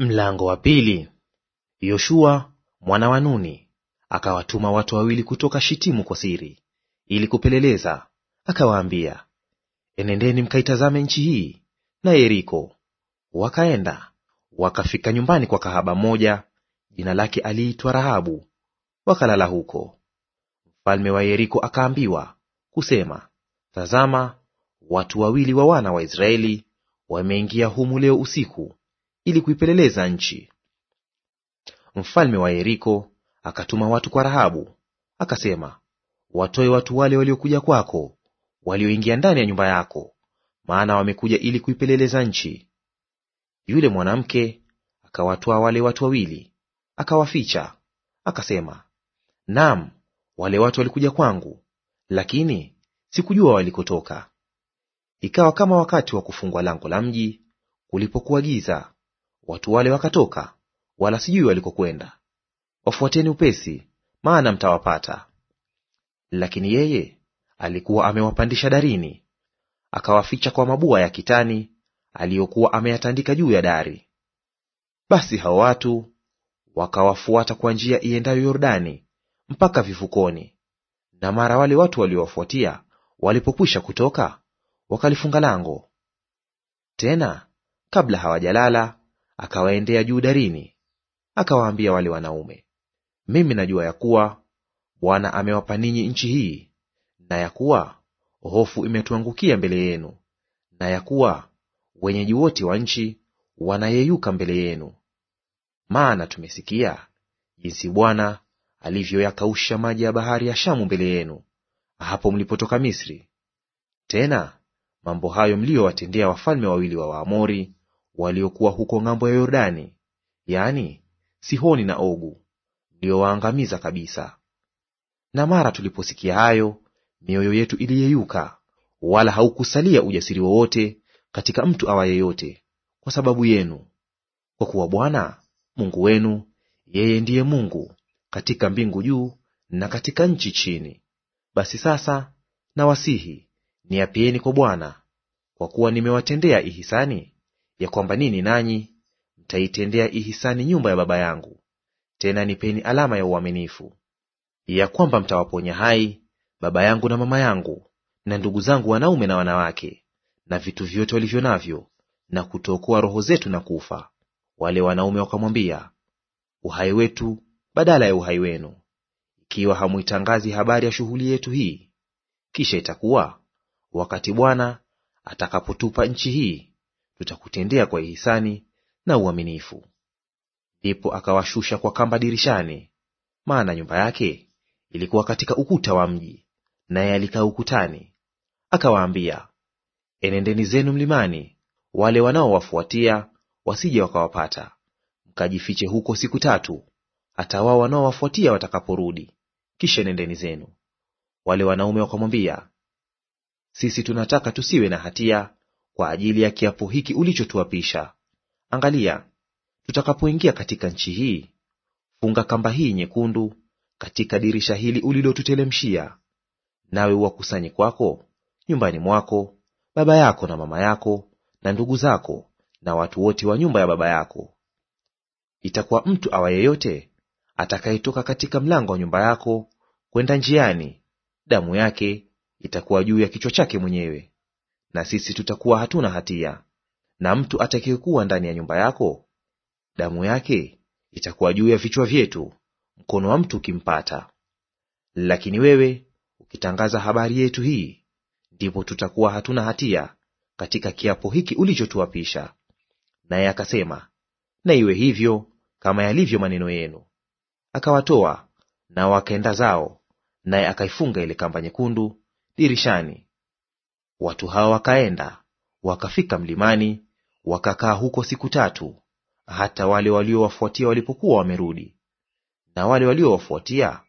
Mlango wa pili. Yoshua mwana wa Nuni akawatuma watu wawili kutoka Shitimu kwa siri ili kupeleleza, akawaambia, enendeni mkaitazame nchi hii na Yeriko. Wakaenda wakafika nyumbani kwa kahaba mmoja, jina lake aliitwa Rahabu, wakalala huko. Mfalme wa Yeriko akaambiwa kusema, tazama, watu wawili wa wana wa Israeli wameingia humu leo usiku ili kuipeleleza nchi. Mfalme wa Yeriko akatuma watu kwa Rahabu, akasema, watoe watu wale waliokuja kwako, walioingia ndani ya nyumba yako, maana wamekuja ili kuipeleleza nchi. Yule mwanamke akawatoa wale watu wawili, akawaficha, akasema, naam, wale watu walikuja kwangu, lakini sikujua walikotoka. Ikawa kama wakati wa kufungwa lango la mji, kulipokuwa giza, Watu wale wakatoka, wala sijui walikokwenda. Wafuateni upesi, maana mtawapata. Lakini yeye alikuwa amewapandisha darini, akawaficha kwa mabua ya kitani aliyokuwa ameyatandika juu ya dari. Basi hao watu wakawafuata kwa njia iendayo Yordani mpaka vivukoni. Na mara wale watu waliowafuatia walipokwisha kutoka, wakalifunga lango. Tena kabla hawajalala, akawaendea juu darini, akawaambia wale wanaume, mimi najua ya kuwa Bwana amewapa ninyi nchi hii, na ya kuwa hofu imetuangukia mbele yenu, na ya kuwa wenyeji wote wa nchi wanayeyuka mbele yenu. Maana tumesikia jinsi Bwana alivyoyakausha maji ya bahari ya Shamu mbele yenu hapo mlipotoka Misri, tena mambo hayo mliyowatendea wafalme wawili wa Waamori waliokuwa huko ng'ambo ya Yordani, yaani Sihoni na Ogu, mliowaangamiza kabisa. Na mara tuliposikia hayo, mioyo yetu iliyeyuka, wala haukusalia ujasiri wowote katika mtu awa yeyote kwa sababu yenu, kwa kuwa Bwana Mungu wenu yeye ndiye Mungu katika mbingu juu na katika nchi chini. Basi sasa nawasihi, niapieni kwa Bwana, kwa kuwa nimewatendea ihisani ya kwamba nini nanyi mtaitendea ihisani nyumba ya baba yangu, tena nipeni alama ya uaminifu, ya kwamba mtawaponya hai baba yangu na mama yangu na ndugu zangu wanaume na wanawake na vitu vyote walivyo navyo, na kutokoa roho zetu na kufa. Wale wanaume wakamwambia, uhai wetu badala ya uhai wenu, ikiwa hamwitangazi habari ya shughuli yetu hii. Kisha itakuwa wakati Bwana atakapotupa nchi hii tutakutendea kwa ihisani na uaminifu. Ndipo akawashusha kwa kamba dirishani, maana nyumba yake ilikuwa katika ukuta wa mji, naye alikaa ukutani. Akawaambia, enendeni zenu mlimani, wale wanaowafuatia wasije wakawapata, mkajifiche huko siku tatu, hata wao wanaowafuatia watakaporudi, kisha enendeni zenu. Wale wanaume wakamwambia, sisi tunataka tusiwe na hatia kwa ajili ya kiapo hiki ulichotuapisha. Angalia, tutakapoingia katika nchi hii, funga kamba hii nyekundu katika dirisha hili ulilotutelemshia, nawe uwakusanye kwako nyumbani mwako baba yako na mama yako na ndugu zako na watu wote wa nyumba ya baba yako. Itakuwa mtu awa yeyote atakayetoka katika mlango wa nyumba yako kwenda njiani, damu yake itakuwa juu ya kichwa chake mwenyewe na sisi tutakuwa hatuna hatia. Na mtu atakayekuwa ndani ya nyumba yako, damu yake itakuwa juu ya vichwa vyetu, mkono wa mtu ukimpata. Lakini wewe ukitangaza habari yetu hii, ndipo tutakuwa hatuna hatia katika kiapo hiki ulichotuapisha. Naye akasema, na iwe hivyo kama yalivyo maneno yenu. Akawatoa nao wakaenda zao, naye akaifunga ile kamba nyekundu dirishani Watu hawa wakaenda wakafika mlimani, wakakaa huko siku tatu, hata wale waliowafuatia walipokuwa wamerudi. Na wale waliowafuatia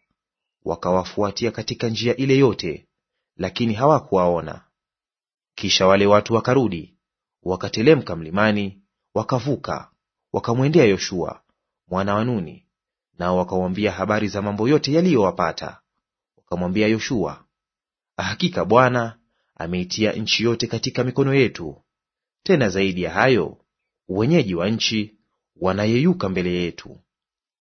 wakawafuatia katika njia ile yote, lakini hawakuwaona. Kisha wale watu wakarudi, wakatelemka mlimani, wakavuka, wakamwendea Yoshua mwana wa Nuni, nao wakawambia habari za mambo yote yaliyowapata. Wakamwambia Yoshua, hakika Bwana ameitia nchi yote katika mikono yetu. Tena zaidi ya hayo, wenyeji wa nchi wanayeyuka mbele yetu.